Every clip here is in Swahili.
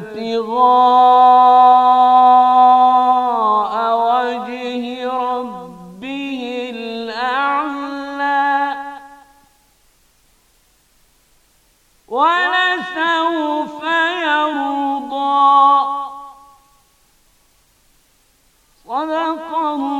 ابتغاء وجه ربه الأعلى ولسوف يرضى صدق الله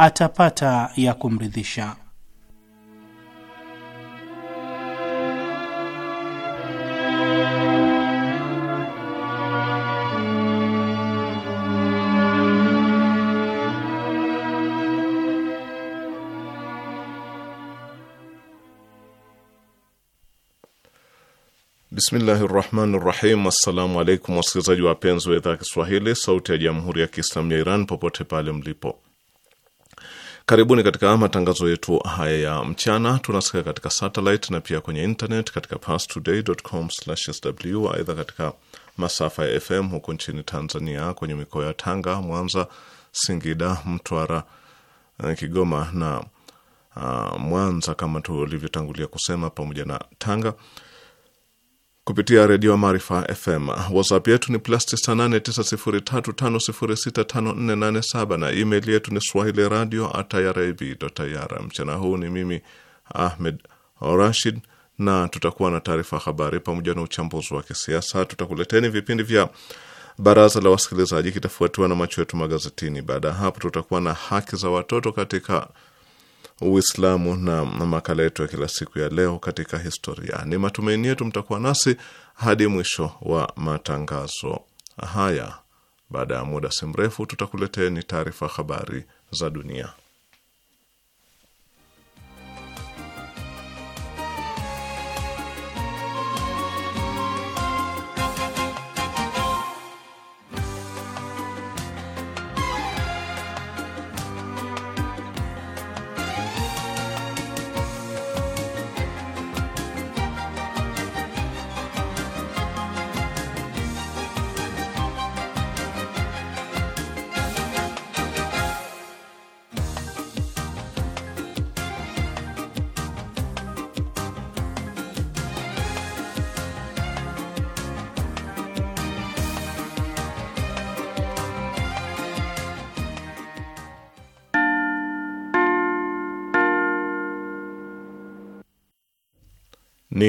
atapata ya kumridhisha. Bismillahi rahmani rahim. Assalamu alaikum wasikilizaji wapenzi wa idhaa ya Kiswahili, sauti ya jamhuri ya kiislamu ya Iran, popote pale mlipo Karibuni katika matangazo yetu haya ya mchana. Tunasikia katika satellite na pia kwenye internet katika parstoday.com/sw. Aidha, katika masafa ya FM huko nchini Tanzania, kwenye mikoa ya Tanga, Mwanza, Singida, Mtwara, eh, Kigoma na uh, Mwanza kama tulivyotangulia kusema, pamoja na Tanga kupitia redio Maarifa FM. WhatsApp yetu ni plus 989035065487 na email yetu ni swahili radio irib. Mchana huu ni mimi Ahmed Rashid na tutakuwa na taarifa habari pamoja na uchambuzi wa kisiasa. Tutakuleteni vipindi vya baraza la wasikilizaji, kitafuatiwa na macho yetu magazetini. Baada ya hapo, tutakuwa na haki za watoto katika Uislamu na makala yetu ya kila siku ya leo katika historia. Ni matumaini yetu mtakuwa nasi hadi mwisho wa matangazo haya. Baada ya muda si mrefu, tutakuleteni taarifa habari za dunia.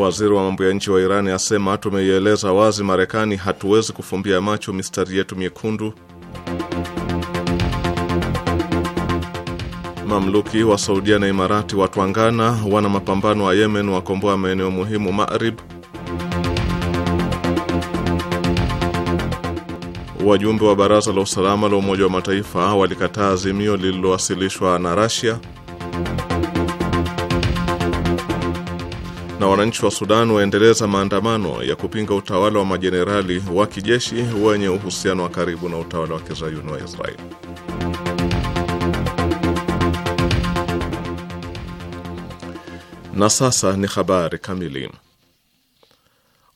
Waziri wa mambo ya nje wa Irani asema tumeieleza wazi Marekani, hatuwezi kufumbia macho mistari yetu miekundu. Mamluki wa Saudia na Imarati watwangana, wana mapambano wa Yemen wakomboa maeneo muhimu Marib. Wajumbe wa Baraza la Usalama la Umoja wa Mataifa walikataa azimio lililowasilishwa na Rasia. wananchi wa Sudan waendeleza maandamano ya kupinga utawala wa majenerali wa kijeshi wenye uhusiano wa karibu na utawala wa kizayuni wa Israeli. Na sasa ni habari kamili.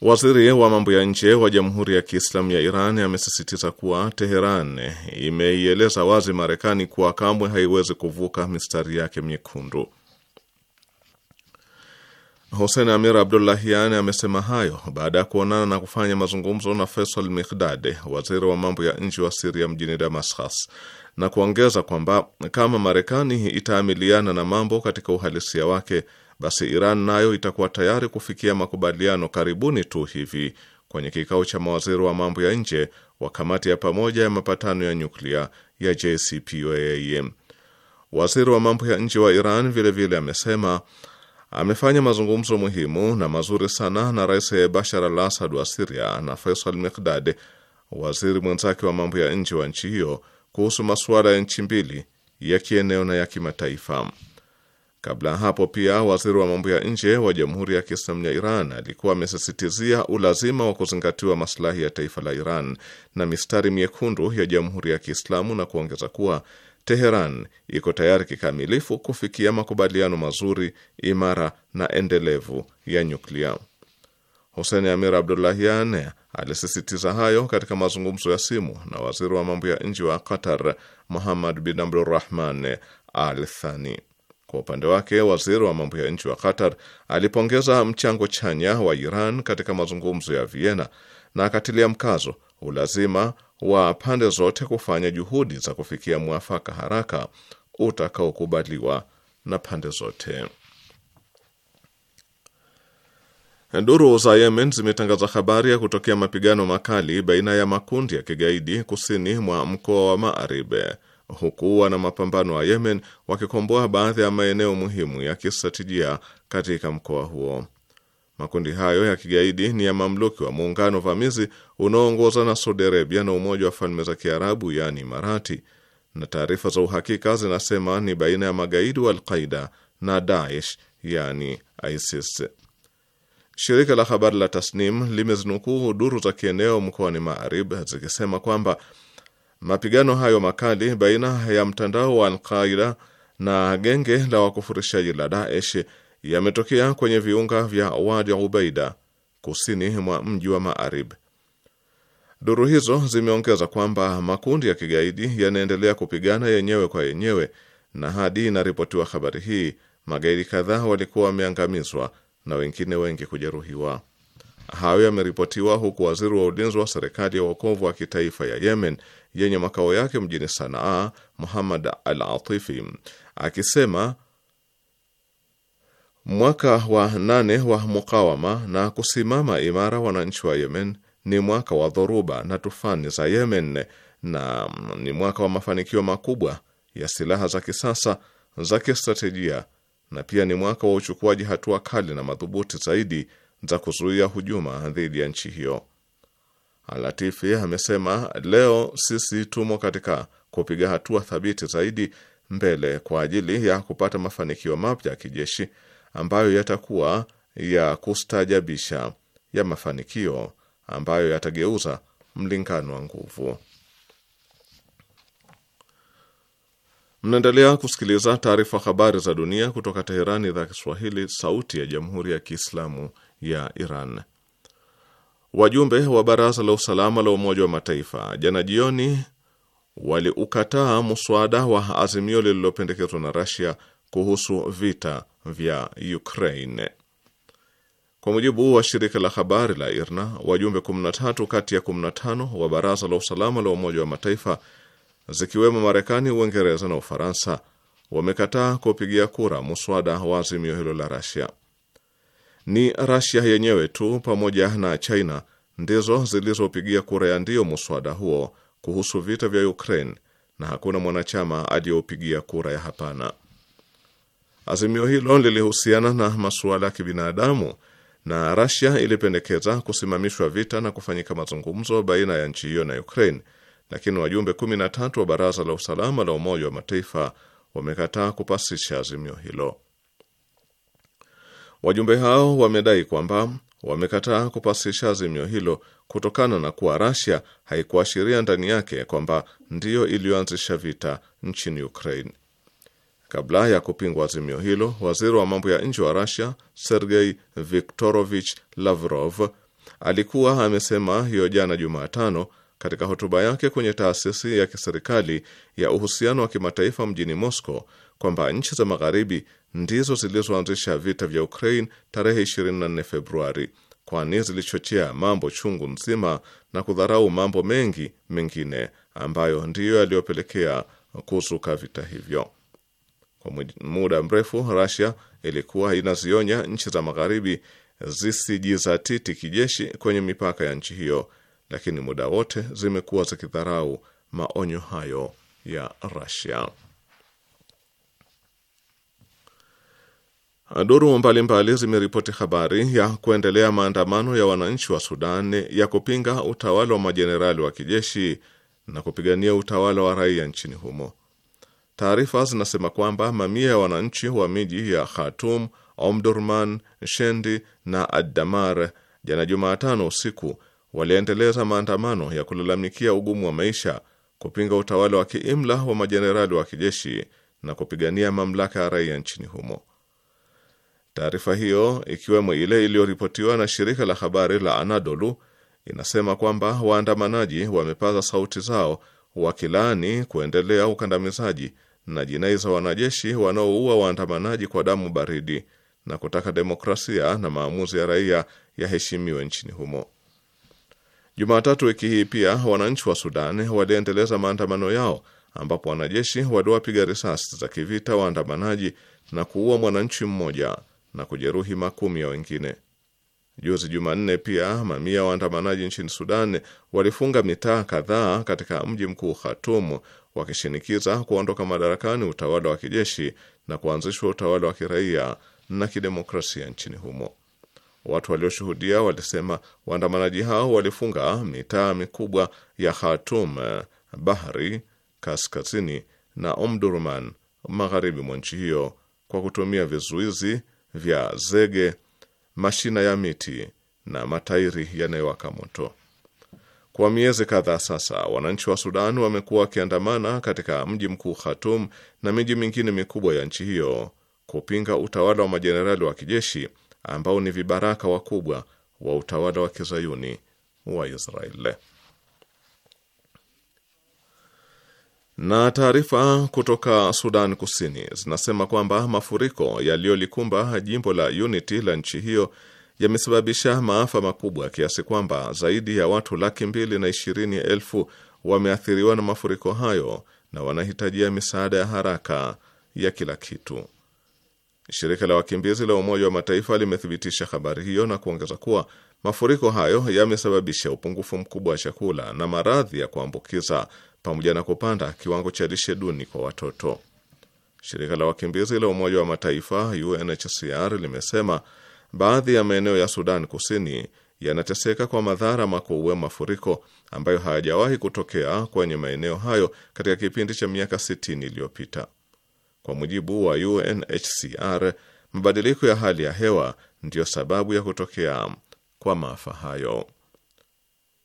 Waziri wa mambo ya nje wa Jamhuri ya Kiislamu ya Iran amesisitiza kuwa Teheran imeieleza wazi Marekani kuwa kamwe haiwezi kuvuka mistari yake miekundu. Hussein Amir Abdullahian amesema hayo baada ya kuonana na kufanya mazungumzo na Faisal Mikdad, waziri wa mambo ya nje wa Siria mjini Damascus, na kuongeza kwamba kama Marekani itaamiliana na mambo katika uhalisia wake, basi Iran nayo itakuwa tayari kufikia makubaliano karibuni tu hivi kwenye kikao cha mawaziri wa mambo ya nje wa kamati ya pamoja ya mapatano ya nyuklia ya JCPOA. Waziri wa mambo ya nje wa Iran vilevile vile amesema amefanya mazungumzo muhimu na mazuri sana na Rais Bashar al Asad wa Siria na Faisal Mikdad, waziri mwenzake wa mambo ya nje wa nchi hiyo, kuhusu masuala ya nchi mbili ya kieneo na ya kimataifa. Kabla ya hapo pia waziri wa mambo ya nje wa Jamhuri ya Kiislamu ya Iran alikuwa amesisitizia ulazima wa kuzingatiwa maslahi ya taifa la Iran na mistari miekundu ya Jamhuri ya Kiislamu na kuongeza kuwa Teheran iko tayari kikamilifu kufikia makubaliano mazuri, imara na endelevu ya nyuklia. Hussein Amir Abdullahian alisisitiza hayo katika mazungumzo ya simu na waziri wa mambo ya nje wa Qatar, Muhammad bin Abdulrahman Al Thani. Kwa upande wake, waziri wa mambo ya nje wa Qatar alipongeza mchango chanya wa Iran katika mazungumzo ya Vienna na akatilia mkazo ulazima wa pande zote kufanya juhudi za kufikia mwafaka haraka utakaokubaliwa na pande zote. Duru za Yemen zimetangaza habari ya kutokea mapigano makali baina ya makundi ya kigaidi kusini mwa mkoa wa Maaribe, huku wana mapambano wa Yemen wakikomboa baadhi ya maeneo muhimu ya kistratejia katika mkoa huo. Makundi hayo ya kigaidi ni ya mamluki wa muungano vamizi unaoongozwa na Saudi Arabia na Umoja wa Falme za Kiarabu, yaani Imarati, na taarifa za uhakika zinasema ni baina ya magaidi wa Alqaida na Daesh, yani ISIS. Shirika la habari la Tasnim limezinukuu duru za kieneo mkoani Maarib zikisema kwamba mapigano hayo makali baina ya mtandao wa Alqaida na genge la wakufurishaji la Daesh yametokea kwenye viunga vya Wadi Ubaida kusini mwa mji wa Maarib. Duru hizo zimeongeza kwamba makundi ya kigaidi yanaendelea kupigana yenyewe kwa yenyewe, na hadi inaripotiwa habari hii, magaidi kadhaa walikuwa wameangamizwa na wengine wengi kujeruhiwa. Hayo yameripotiwa huku waziri wa ulinzi wa serikali ya wokovu wa kitaifa ya Yemen yenye makao yake mjini Sanaa, Muhammad Al Atifi akisema Mwaka wa nane wa mukawama na kusimama imara wananchi wa Yemen ni mwaka wa dhoruba na tufani za Yemen na ni mwaka wa mafanikio makubwa ya silaha za kisasa za kistratejia na pia ni mwaka wa uchukuaji hatua kali na madhubuti zaidi za kuzuia hujuma dhidi ya nchi hiyo. Alatifi amesema leo sisi tumo katika kupiga hatua thabiti zaidi mbele kwa ajili ya kupata mafanikio mapya ya kijeshi ambayo yatakuwa ya kustajabisha ya mafanikio ambayo yatageuza mlingano wa nguvu. Mnaendelea kusikiliza taarifa habari za dunia kutoka Teherani, idhaa Kiswahili, sauti ya jamhuri ya kiislamu ya Iran. Wajumbe wa baraza la usalama la Umoja wa Mataifa jana jioni waliukataa mswada wa azimio lililopendekezwa na Rasia kuhusu vita vya Ukraine. Kwa mujibu wa shirika la habari la IRNA, wajumbe 13 kati ya 15 wa Baraza la Usalama la Umoja wa Mataifa, zikiwemo Marekani, Uingereza na Ufaransa, wamekataa kupigia kura muswada wa azimio hilo la Rasia. Ni Rasia yenyewe tu pamoja na China ndizo zilizopigia kura ya ndio muswada huo kuhusu vita vya Ukraine, na hakuna mwanachama aliyeupigia kura ya hapana. Azimio hilo lilihusiana na masuala ya kibinadamu na Russia ilipendekeza kusimamishwa vita na kufanyika mazungumzo baina ya nchi hiyo na Ukraine, lakini wajumbe 13 wa Baraza la Usalama la Umoja wa Mataifa wamekataa kupasisha azimio hilo. Wajumbe hao wamedai kwamba wamekataa kupasisha azimio hilo kutokana na kuwa Russia haikuashiria ndani yake kwamba ndiyo iliyoanzisha vita nchini Ukraine. Kabla ya kupingwa azimio hilo, waziri wa mambo ya nje wa Russia Sergei Viktorovich Lavrov alikuwa amesema hiyo jana Jumatano katika hotuba yake kwenye taasisi ya kiserikali ya uhusiano wa kimataifa mjini Moscow kwamba nchi za magharibi ndizo zilizoanzisha vita vya Ukraine tarehe 24 Februari, kwani zilichochea mambo chungu nzima na kudharau mambo mengi mengine ambayo ndiyo yaliyopelekea kuzuka vita hivyo. Kwa muda mrefu Russia ilikuwa inazionya nchi za magharibi zisijizatiti kijeshi kwenye mipaka ya nchi hiyo, lakini muda wote zimekuwa zikidharau maonyo hayo ya Russia. Duru mbalimbali zimeripoti habari ya kuendelea maandamano ya wananchi wa Sudan ya kupinga utawala wa majenerali wa kijeshi na kupigania utawala wa raia nchini humo. Taarifa zinasema kwamba mamia ya wananchi wa miji ya Khartoum, Omdurman, Shendi na Addamar jana Jumatano usiku waliendeleza maandamano ya kulalamikia ugumu wa maisha, kupinga utawala wa kiimla wa majenerali wa kijeshi na kupigania mamlaka ya raia nchini humo. Taarifa hiyo ikiwemo ile iliyoripotiwa na shirika la habari la Anadolu inasema kwamba waandamanaji wamepaza sauti zao wakilaani kuendelea ukandamizaji na jinai za wanajeshi wanaoua waandamanaji kwa damu baridi na kutaka demokrasia na maamuzi ya raia yaheshimiwe nchini humo. Jumatatu wiki hii pia wananchi wa Sudan waliendeleza maandamano yao ambapo wanajeshi waliwapiga risasi za kivita waandamanaji na kuua mwananchi mmoja na kujeruhi makumi ya wengine. Juzi Jumanne pia mamia waandamanaji nchini Sudan walifunga mitaa kadhaa katika mji mkuu Khartoum wakishinikiza kuondoka madarakani utawala wa kijeshi na kuanzishwa utawala wa kiraia na kidemokrasia nchini humo. Watu walioshuhudia walisema waandamanaji hao walifunga mitaa mikubwa ya Khartoum bahri kaskazini na Omdurman magharibi mwa nchi hiyo kwa kutumia vizuizi vya zege, mashina ya miti na matairi yanayowaka moto. Kwa miezi kadhaa sasa, wananchi wa Sudan wamekuwa wakiandamana katika mji mkuu Khartoum na miji mingine mikubwa ya nchi hiyo kupinga utawala wa majenerali wa kijeshi ambao ni vibaraka wakubwa wa utawala wa kizayuni wa Israeli. Na taarifa kutoka Sudan Kusini zinasema kwamba mafuriko yaliyolikumba jimbo la Unity la nchi hiyo yamesababisha maafa makubwa kiasi kwamba zaidi ya watu laki mbili na ishirini elfu wameathiriwa na mafuriko hayo na wanahitajia misaada ya haraka ya kila kitu. Shirika la wakimbizi la Umoja wa Mataifa limethibitisha habari hiyo na kuongeza kuwa mafuriko hayo yamesababisha upungufu mkubwa wa chakula na maradhi ya kuambukiza pamoja na kupanda kiwango cha lishe duni kwa watoto. Shirika la wakimbizi la Umoja wa Mataifa UNHCR limesema baadhi ya maeneo ya Sudan Kusini yanateseka kwa madhara makubwa mafuriko ambayo hayajawahi kutokea kwenye maeneo hayo katika kipindi cha miaka 60 iliyopita. Kwa mujibu wa UNHCR, mabadiliko ya hali ya hewa ndiyo sababu ya kutokea kwa maafa hayo.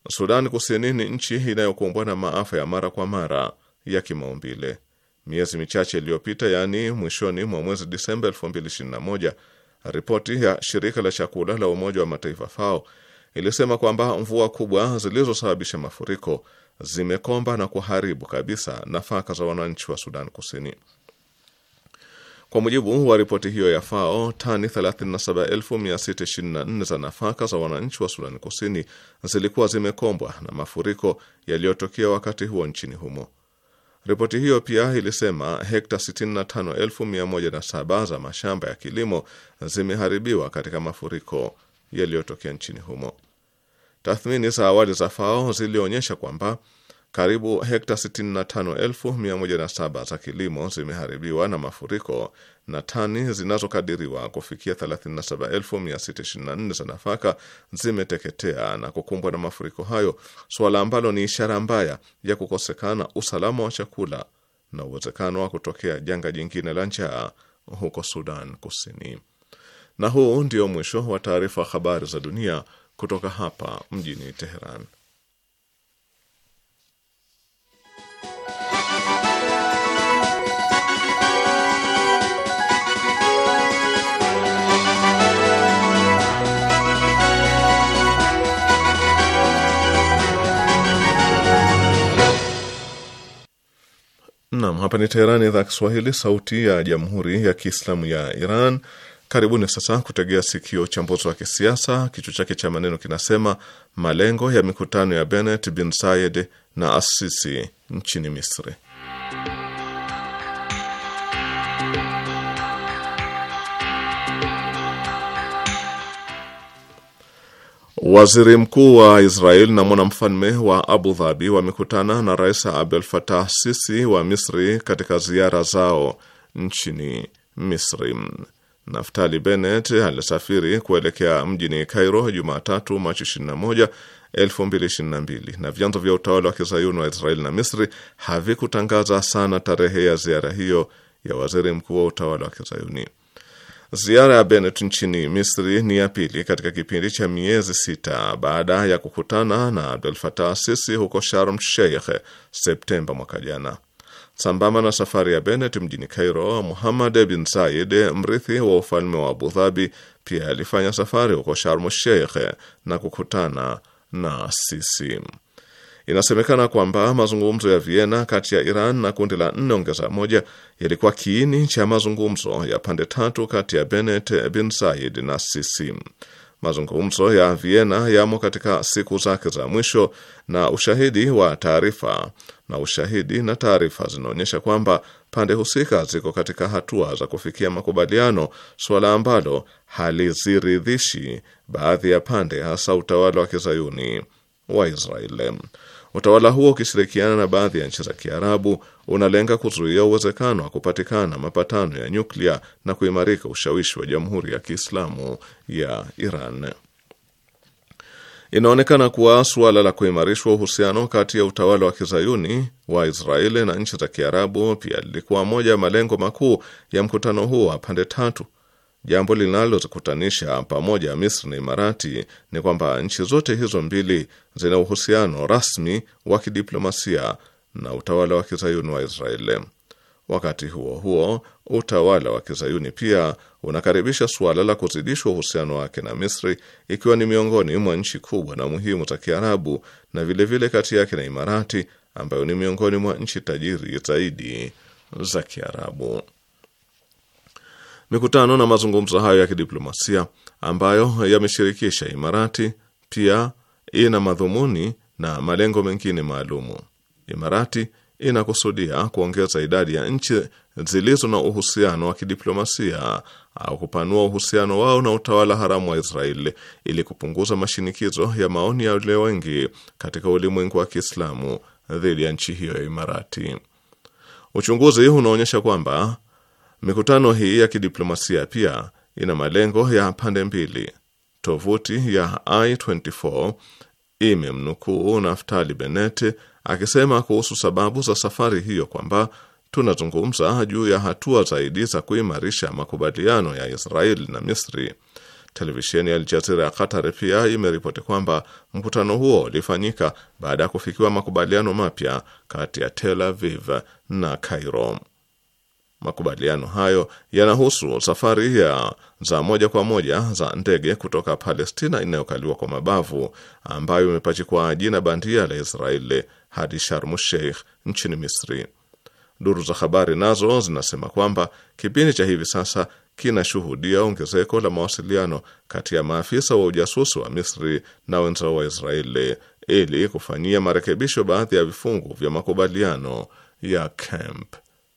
Sudan Kusini ni nchi inayokumbwa na maafa ya mara kwa mara ya kimaumbile. Miezi michache iliyopita, yaani mwishoni mwa mwezi Disemba Ripoti ya shirika la chakula la Umoja wa Mataifa FAO ilisema kwamba mvua kubwa zilizosababisha mafuriko zimekomba na kuharibu kabisa nafaka za wananchi wa Sudan Kusini. Kwa mujibu wa ripoti hiyo ya FAO, tani 37624 za nafaka za wananchi wa Sudani Kusini zilikuwa zimekombwa na mafuriko yaliyotokea wakati huo nchini humo. Ripoti hiyo pia ilisema hekta 65107 za mashamba ya kilimo zimeharibiwa katika mafuriko yaliyotokea nchini humo. Tathmini za awali za FAO zilionyesha kwamba karibu hekta 65,107 za kilimo zimeharibiwa na mafuriko na tani zinazokadiriwa kufikia 37,624 za nafaka zimeteketea na kukumbwa na mafuriko hayo, suala ambalo ni ishara mbaya ya kukosekana usalama wa chakula na uwezekano wa kutokea janga jingine la njaa huko Sudan Kusini. Na huu ndio mwisho wa taarifa habari za dunia kutoka hapa mjini Teheran. Nam, hapa ni Teherani, idhaa Kiswahili, sauti ya jamhuri ya kiislamu ya Iran. Karibuni sasa kutegea sikio uchambuzi wa kisiasa, kichwa chake cha maneno kinasema malengo ya mikutano ya Bennett bin Said na assisi nchini Misri. Waziri mkuu wa Israel na mwanamfalme wa Abu Dhabi wamekutana na Rais Abdel Fattah Sisi wa Misri katika ziara zao nchini Misri. Naftali Bennett alisafiri kuelekea mjini Cairo Jumatatu, Machi 21, 2022 na vyanzo vya utawala wa kizayuni wa Israel na Misri havikutangaza sana tarehe ya ziara hiyo ya waziri mkuu wa utawala wa kizayuni. Ziara ya Bennett nchini Misri ni ya pili katika kipindi cha miezi sita baada ya kukutana na Abdel Fatah Sisi huko Sharm Sheikh Septemba mwaka jana. Sambamba na safari ya Bennett mjini Cairo, Muhammad bin Zayed, mrithi wa ufalme wa Abu Dhabi, pia alifanya safari huko Sharm Sheikh na kukutana na Sisi. Inasemekana kwamba mazungumzo ya Vienna kati ya Iran na kundi la nne ongeza moja yalikuwa kiini cha mazungumzo ya pande tatu kati ya Bennett bin Said na Sisi. Mazungumzo ya Vienna yamo katika siku zake za mwisho na ushahidi wa taarifa na ushahidi na taarifa zinaonyesha kwamba pande husika ziko katika hatua za kufikia makubaliano, suala ambalo haliziridhishi baadhi ya pande, hasa utawala wa kizayuni wa Israeli. Utawala huo ukishirikiana na baadhi ya nchi za Kiarabu unalenga kuzuia uwezekano wa kupatikana mapatano ya nyuklia na kuimarika ushawishi wa Jamhuri ya Kiislamu ya Iran. Inaonekana kuwa suala la kuimarishwa uhusiano kati ya utawala wa kizayuni wa Israeli na nchi za Kiarabu pia lilikuwa moja ya malengo makuu ya mkutano huo wa pande tatu Jambo linalozikutanisha pamoja Misri na Imarati ni kwamba nchi zote hizo mbili zina uhusiano rasmi wa kidiplomasia na utawala wa kizayuni wa Israeli. Wakati huo huo, utawala wa kizayuni pia unakaribisha suala la kuzidishwa uhusiano wake na Misri, ikiwa ni miongoni mwa nchi kubwa na muhimu za Kiarabu, na vilevile kati yake na Imarati ambayo ni miongoni mwa nchi tajiri zaidi za Kiarabu. Mikutano na mazungumzo hayo ya kidiplomasia ambayo yameshirikisha Imarati pia ina madhumuni na malengo mengine maalumu. Imarati inakusudia kuongeza idadi ya nchi zilizo na uhusiano wa kidiplomasia au kupanua uhusiano wao na utawala haramu wa Israeli ili kupunguza mashinikizo ya maoni ya walio wengi katika ulimwengu wa Kiislamu dhidi ya nchi hiyo ya Imarati. Uchunguzi unaonyesha kwamba Mikutano hii ya kidiplomasia pia ina malengo ya pande mbili. Tovuti ya i24 imemnukuu Naftali Bennett akisema kuhusu sababu za safari hiyo kwamba tunazungumza juu ya hatua zaidi za kuimarisha makubaliano ya israel na Misri. Televisheni ya Aljazira ya Qatar pia imeripoti kwamba mkutano huo ulifanyika baada ya kufikiwa makubaliano mapya kati ya Tel Aviv na Cairo. Makubaliano hayo yanahusu safari ya za moja kwa moja za ndege kutoka Palestina inayokaliwa kwa mabavu ambayo imepachikwa jina bandia la Israeli hadi Sharmu Sheikh nchini Misri. Duru za habari nazo zinasema kwamba kipindi cha hivi sasa kinashuhudia ongezeko la mawasiliano kati ya maafisa wa ujasusi wa Misri na wenzao wa Israeli ili kufanyia marekebisho baadhi ya vifungu vya makubaliano ya Camp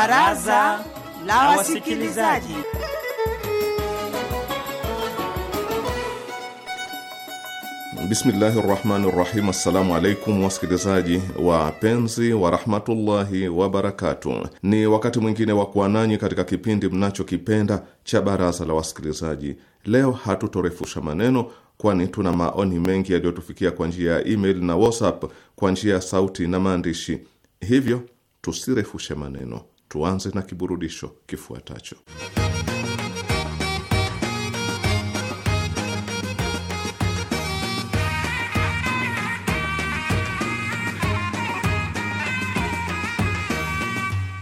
Baraza la Wasikilizaji. Bismillahi rahmani rahim. Assalamu alaikum wasikilizaji wapenzi warahmatullahi wabarakatu Ni wakati mwingine wa kuwa nanyi katika kipindi mnachokipenda cha baraza la wasikilizaji. Leo hatutorefusha maneno, kwani tuna maoni mengi yaliyotufikia kwa njia ya email na WhatsApp kwa njia ya sauti na maandishi, hivyo tusirefushe maneno. Tuanze na kiburudisho kifuatacho.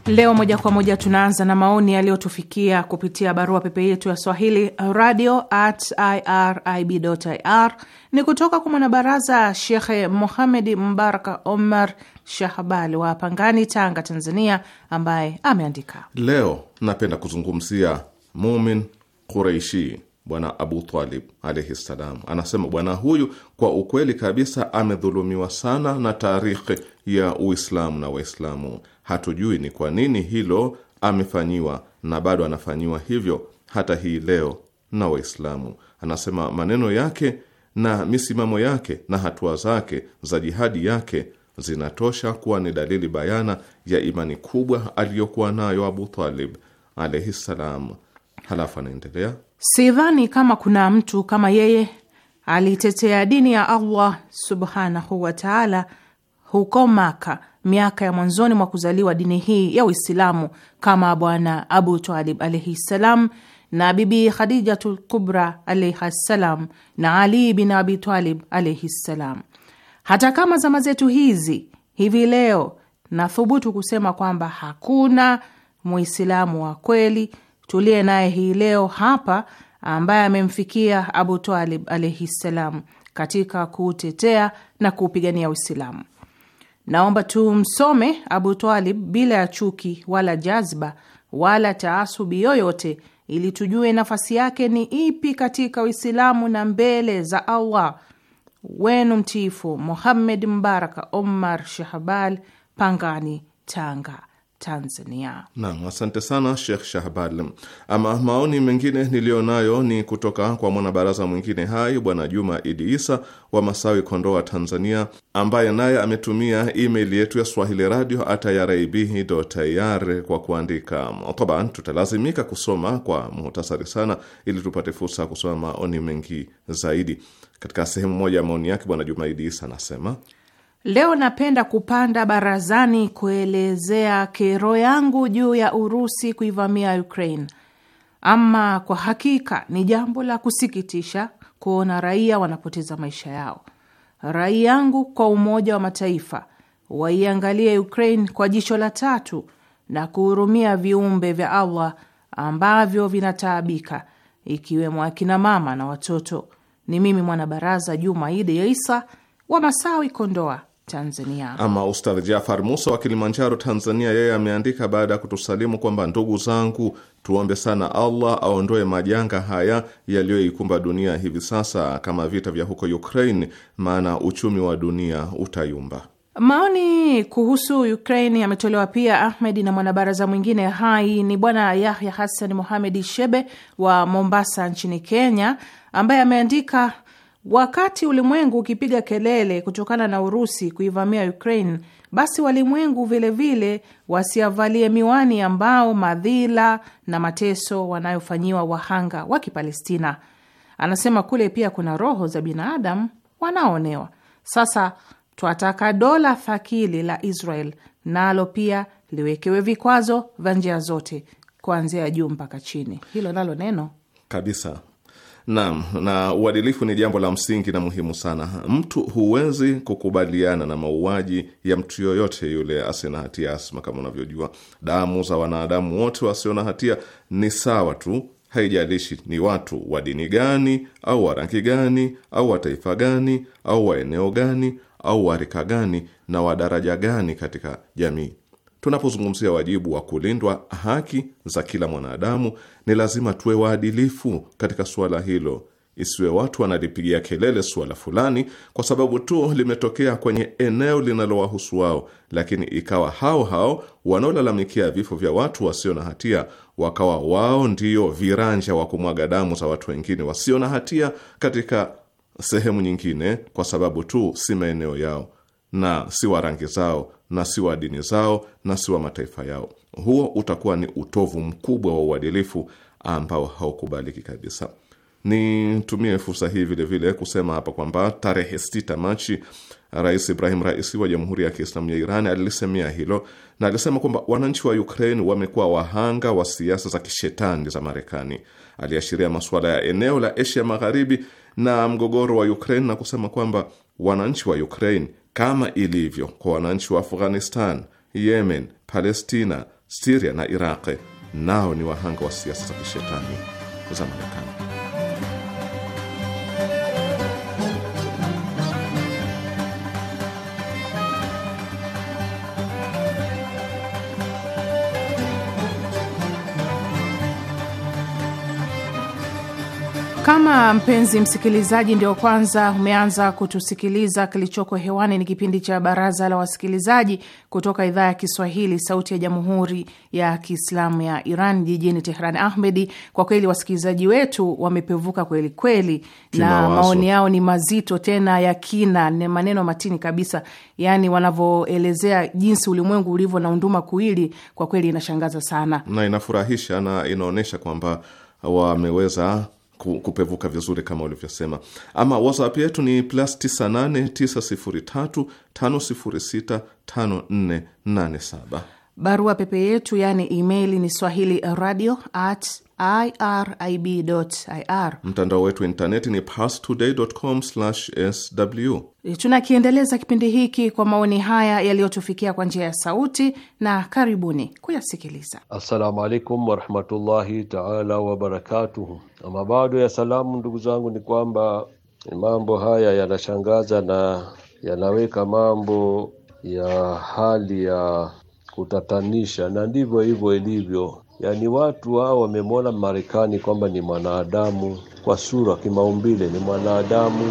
Leo moja kwa moja tunaanza na maoni yaliyotufikia kupitia barua pepe yetu ya Swahili radio at irib ir. Ni kutoka kwa mwanabaraza Shekhe muhamedi Mbaraka Omar Shahbal wa Pangani, Tanga, Tanzania, ambaye ameandika leo napenda kuzungumzia Mumin Qureishi, Bwana Abu Talib alaihi ssalam. Anasema bwana huyu kwa ukweli kabisa amedhulumiwa sana na taarikhi ya Uislamu na Waislamu. Hatujui ni kwa nini hilo amefanyiwa na bado anafanyiwa hivyo hata hii leo na Waislamu. Anasema maneno yake na misimamo yake na hatua zake za jihadi yake zinatosha kuwa ni dalili bayana ya imani kubwa aliyokuwa nayo Abu Talib alaihi ssalam. Halafu anaendelea, sidhani kama kuna mtu kama yeye alitetea dini ya Allah subhanahu wataala huko Maka miaka ya mwanzoni mwa kuzaliwa dini hii ya Uislamu kama bwana Abu Talib alaihi ssalam na Bibi khadijatu Lkubra alaihi ssalam na Ali bin Abi Talib alaihi ssalam. Hata kama zama zetu hizi hivi leo, nathubutu kusema kwamba hakuna Muislamu wa kweli tuliye naye hii leo hapa ambaye amemfikia Abu Talib alaihi ssalam katika kuutetea na kuupigania Uislamu. Naomba tumsome Abu Talib bila ya chuki wala jazba wala taasubi yoyote, ili tujue nafasi yake ni ipi katika Uislamu na mbele za Allah wenu mtiifu muhammed Mbaraka Omar Shahbal, Pangani, Tanga, Tanzania. Naam, asante sana Sheikh Shahbal. Ama maoni mengine niliyo nayo ni kutoka kwa mwanabaraza mwingine hai Bwana Juma Idi Isa wa Masawi, Kondoa, Tanzania, ambaye naye ametumia email yetu ya swahili radio iribir kwa kuandika. toba. tutalazimika kusoma kwa muhtasari sana ili tupate fursa ya kusoma maoni mengi zaidi. Katika sehemu moja ya maoni yake, Bwana Jumaidi Isa anasema Leo napenda kupanda barazani kuelezea kero yangu juu ya Urusi kuivamia Ukraine. Ama kwa hakika ni jambo la kusikitisha kuona raia wanapoteza maisha yao. Rai yangu kwa Umoja wa Mataifa waiangalie Ukraine kwa jicho la tatu na kuhurumia viumbe vya Allah ambavyo vinataabika, ikiwemo akina mama na watoto. Ni mimi mwanabaraza Juma Idi ya Isa wa Masawi, Kondoa, Tanzania. Ama Ustadh Jafar Musa wa Kilimanjaro, Tanzania, yeye ameandika baada ya kutusalimu kwamba ndugu zangu, tuombe sana Allah aondoe majanga haya yaliyoikumba dunia hivi sasa, kama vita vya huko Ukraine, maana uchumi wa dunia utayumba. Maoni kuhusu ukrain yametolewa pia Ahmed na mwanabaraza mwingine hai ni Bwana Yahya Hassan muhamedi Shebe wa Mombasa nchini Kenya, ambaye ameandika wakati ulimwengu ukipiga kelele kutokana na Urusi kuivamia Ukraine, basi walimwengu vilevile wasiavalie miwani ambao madhila na mateso wanayofanyiwa wahanga wa Kipalestina. Anasema kule pia kuna roho za binadamu wanaoonewa. Sasa twataka dola thakili la Israel nalo pia liwekewe vikwazo vya njia zote kuanzia juu mpaka chini. Hilo nalo neno kabisa Naam, na uadilifu ni jambo la msingi na muhimu sana. Mtu huwezi kukubaliana na mauaji ya mtu yoyote yule asiye na hatia. Asma, kama unavyojua, damu za wanadamu wote wasio na hatia ni sawa tu, haijalishi ni watu wa dini gani au wa rangi gani au wa taifa gani au wa eneo gani au wa rika gani na wa daraja gani katika jamii. Tunapozungumzia wajibu wa kulindwa haki za kila mwanadamu, ni lazima tuwe waadilifu katika suala hilo. Isiwe watu wanalipigia kelele suala fulani kwa sababu tu limetokea kwenye eneo linalowahusu wao, lakini ikawa hao hao wanaolalamikia vifo vya watu wasio na hatia wakawa wao ndio viranja wa kumwaga damu za watu wengine wasio na hatia katika sehemu nyingine, kwa sababu tu si maeneo yao na si wa rangi zao na si wa dini zao na si wa mataifa yao. Huo utakuwa ni utovu mkubwa wa uadilifu ambao haukubaliki kabisa. Nitumie fursa hii vilevile vile kusema hapa kwamba tarehe sita Machi Rais Ibrahim Raisi wa Jamhuri ya Kiislamu ya Iran alilisemea hilo na alisema kwamba wananchi wa Ukraine wamekuwa wahanga wa siasa za kishetani za Marekani. Aliashiria masuala ya eneo la Asia Magharibi na mgogoro wa Ukraine na kusema kwamba wananchi wa Ukraine kama ilivyo kwa wananchi wa Afghanistan, Yemen, Palestina, Siria na Iraqi, nao ni wahanga wa siasa za kishetani za Marekani. Kama mpenzi msikilizaji ndio kwanza umeanza kutusikiliza, kilichoko hewani ni kipindi cha Baraza la Wasikilizaji kutoka idhaa ya Kiswahili, Sauti ya Jamhuri ya Kiislamu ya Iran jijini Tehran. Ahmedi, kwa kweli wasikilizaji wetu wamepevuka kweli kweli, na maoni yao ni mazito tena ya kina, ni maneno matini kabisa. Yani wanavyoelezea jinsi ulimwengu ulivyo na unduma kuili, kwa kweli inashangaza sana na inafurahisha na inaonyesha kwamba wameweza kupevuka vizuri kama ulivyosema. Ama WhatsApp yetu ni plus 989035065487. Barua pepe yetu yaani email ni swahili radio at irib.ir. Mtandao wetu wa intaneti ni pastodaycom sw Tunakiendeleza kipindi hiki kwa maoni haya yaliyotufikia kwa njia ya sauti, na karibuni kuyasikiliza. Assalamu alaikum warahmatullahi taala wabarakatuhu. Ama bado ya salamu, ndugu zangu, ni kwamba mambo haya yanashangaza na yanaweka mambo ya hali ya kutatanisha, na ndivyo hivyo ilivyo Yaani watu hao wamemwona Marekani kwamba ni mwanadamu kwa sura, kimaumbile ni mwanadamu,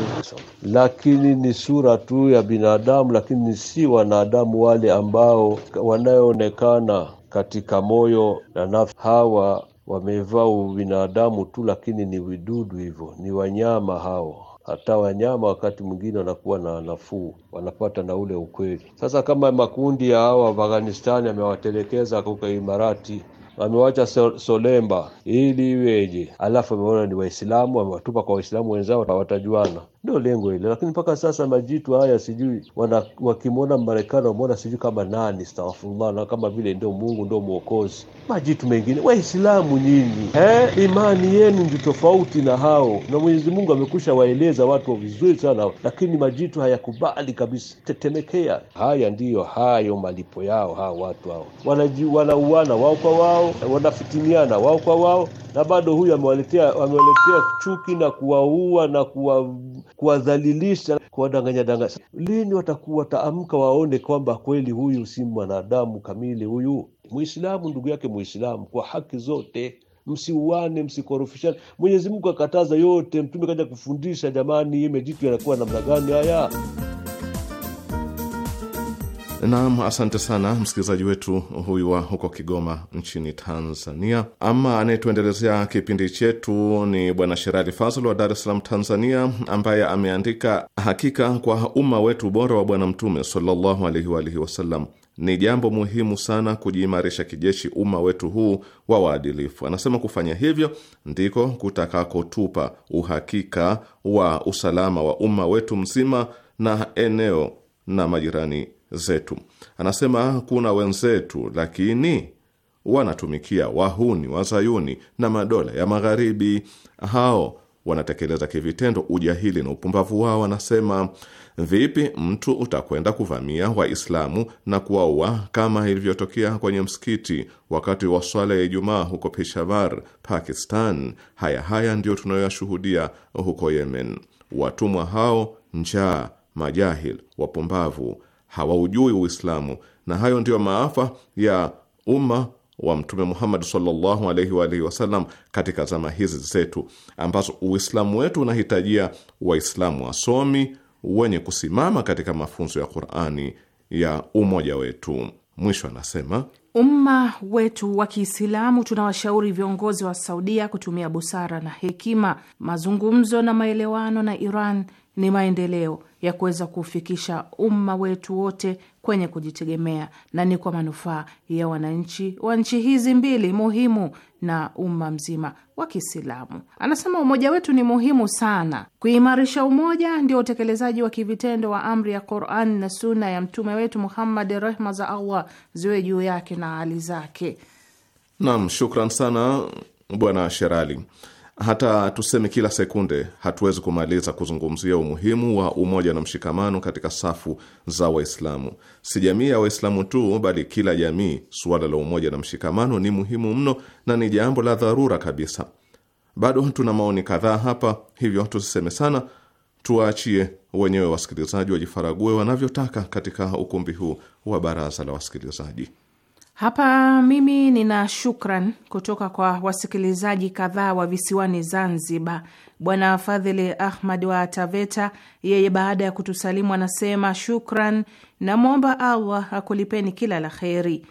lakini ni sura tu ya binadamu, lakini si wanadamu wale ambao wanayoonekana katika moyo na nafsi. Hawa wamevaa ubinadamu tu, lakini ni vidudu hivyo, ni wanyama hao. Hata wanyama wakati mwingine wanakuwa na nafuu, wanapata na ule ukweli. Sasa kama makundi ya hawa Afghanistani amewatelekeza kuka Imarati wamewacha solemba ili iweje? Alafu wameona ni Waislamu, wamewatupa kwa Waislamu wenzao, watajuana ndio lengo hilo, lakini mpaka sasa majitu haya sijui wakimwona Marekani wamona sijui kama nani, stafullah na kama vile ndio Mungu ndio mwokozi. Majitu mengine, Waislamu nyinyi, eh, imani yenu ndi tofauti na hao, na Mwenyezi Mungu amekusha waeleza watu vizuri sana, lakini majitu hayakubali kabisa, tetemekea. Haya ndiyo hayo malipo yao. Hao watu hao wanauana wao kwa wao, wanafitiniana wao kwa wao, na bado huyu amewaletea chuki na kuwaua na kuwa kuwadhalilisha, kuwadanganya danganya. Lini watakuwa taamka waone kwamba kweli huyu si mwanadamu kamili, huyu Muislamu ndugu yake Muislamu kwa haki zote Msiuane, msikorofishane. Mwenyezi Mungu akataza yote, Mtume kaja kufundisha. Jamani, imejitu yanakuwa namna gani? Haya. Naam, asante sana msikilizaji wetu huyu wa huko Kigoma nchini Tanzania. Ama anayetuendelezea kipindi chetu ni Bwana Sherali Fazl wa Dar es Salaam, Tanzania, ambaye ameandika hakika kwa umma wetu bora wa Bwana Mtume sallallahu alaihi wa alihi wasallam ni jambo muhimu sana kujiimarisha kijeshi umma wetu huu wa waadilifu. Anasema kufanya hivyo ndiko kutakakotupa uhakika wa usalama wa umma wetu mzima na eneo na majirani zetu. Anasema kuna wenzetu, lakini wanatumikia wahuni wazayuni na madola ya magharibi. Hao wanatekeleza kivitendo ujahili na upumbavu wao. Anasema vipi mtu utakwenda kuvamia Waislamu na kuwaua kama ilivyotokea kwenye msikiti wakati wa swala ya Ijumaa huko Peshawar, Pakistan? Haya haya ndiyo tunayoyashuhudia huko Yemen. Watumwa hao, njaa, majahil, wapumbavu hawaujui Uislamu, na hayo ndiyo maafa ya umma wa Mtume Muhammad sallallahu alaihi wa alihi wasallam katika zama hizi zetu ambazo Uislamu wetu unahitajia Waislamu wasomi wenye kusimama katika mafunzo ya Qur'ani ya umoja wetu. Mwisho anasema umma wetu wa Kiislamu tunawashauri viongozi wa Saudia kutumia busara na hekima mazungumzo na maelewano na Iran ni maendeleo ya kuweza kufikisha umma wetu wote kwenye kujitegemea na ni kwa manufaa ya wananchi wa nchi hizi mbili muhimu na umma mzima wa Kiislamu. Anasema umoja wetu ni muhimu sana. Kuimarisha umoja ndio utekelezaji wa kivitendo wa amri ya Quran na Sunna ya mtume wetu Muhammad, rehma za Allah ziwe juu yake na hali zake. Naam, shukran sana Bwana Sherali. Hata tuseme kila sekunde, hatuwezi kumaliza kuzungumzia umuhimu wa umoja na mshikamano katika safu za Waislamu. Si jamii ya Waislamu tu, bali kila jamii, suala la umoja na mshikamano ni muhimu mno na ni jambo la dharura kabisa. Bado tuna maoni kadhaa hapa, hivyo tusiseme sana, tuwaachie wenyewe wasikilizaji wajifarague wanavyotaka katika ukumbi huu wa baraza la wasikilizaji. Hapa mimi nina shukran kutoka kwa wasikilizaji kadhaa wa visiwani Zanzibar. Bwana Fadhili Ahmad wa Taveta, yeye baada ya kutusalimu anasema shukran, namwomba Allah akulipeni kila la kheri.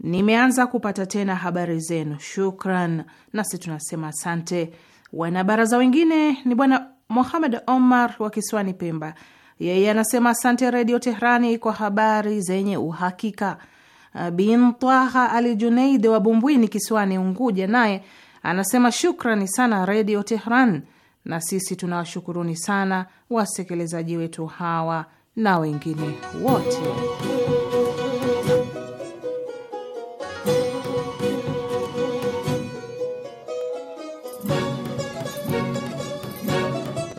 Nimeanza kupata tena habari zenu, shukran. Nasi tunasema asante. Wanabaraza wengine ni Bwana Muhamed Omar wa kisiwani Pemba, yeye anasema asante Redio teherani kwa habari zenye uhakika. Uh, bin twaha Ali Juneidi wa Bumbwini kisiwani Unguja, naye anasema shukrani sana Redio Tehran, na sisi tunawashukuruni sana wasikilizaji wetu hawa na wengine wote.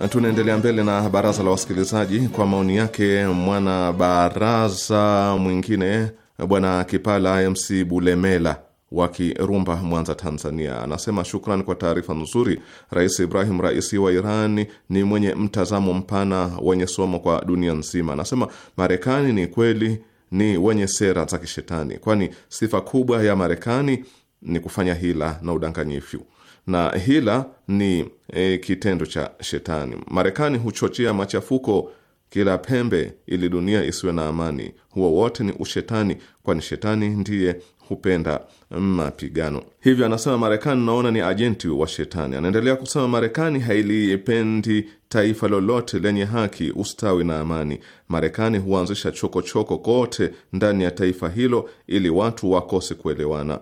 Tunaendelea mbele na baraza la wasikilizaji kwa maoni yake mwana baraza mwingine Bwana Kipala MC Bulemela wa Kirumba, Mwanza, Tanzania, anasema shukran kwa taarifa nzuri. Rais Ibrahim Raisi wa Irani ni mwenye mtazamo mpana wenye somo kwa dunia nzima. Anasema Marekani ni kweli ni wenye sera za kishetani, kwani sifa kubwa ya Marekani ni kufanya hila na udanganyifu na hila ni e, kitendo cha shetani. Marekani huchochea machafuko kila pembe ili dunia isiwe na amani, huo wote ni ushetani, kwani shetani ndiye hupenda mapigano. Hivyo anasema Marekani, naona ni ajenti wa shetani. Anaendelea kusema, Marekani hailipendi taifa lolote lenye haki, ustawi na amani. Marekani huanzisha chokochoko kote ndani ya taifa hilo ili watu wakose kuelewana.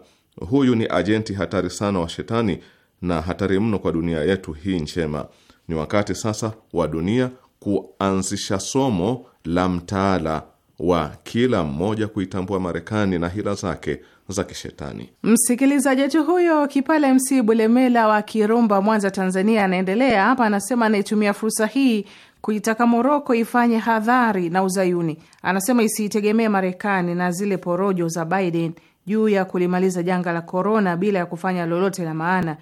Huyu ni ajenti hatari sana wa shetani na hatari mno kwa dunia yetu hii njema. Ni wakati sasa wa dunia kuanzisha somo la mtaala wa kila mmoja kuitambua Marekani na hila zake za kishetani. Msikilizaji wetu huyo Kipale MC Bulemela wa Kirumba, Mwanza, Tanzania, anaendelea hapa, anasema anaitumia fursa hii kuitaka Moroko ifanye hadhari na uzayuni. Anasema isiitegemee Marekani na zile porojo za Biden juu ya kulimaliza janga la korona bila ya kufanya lolote la maana.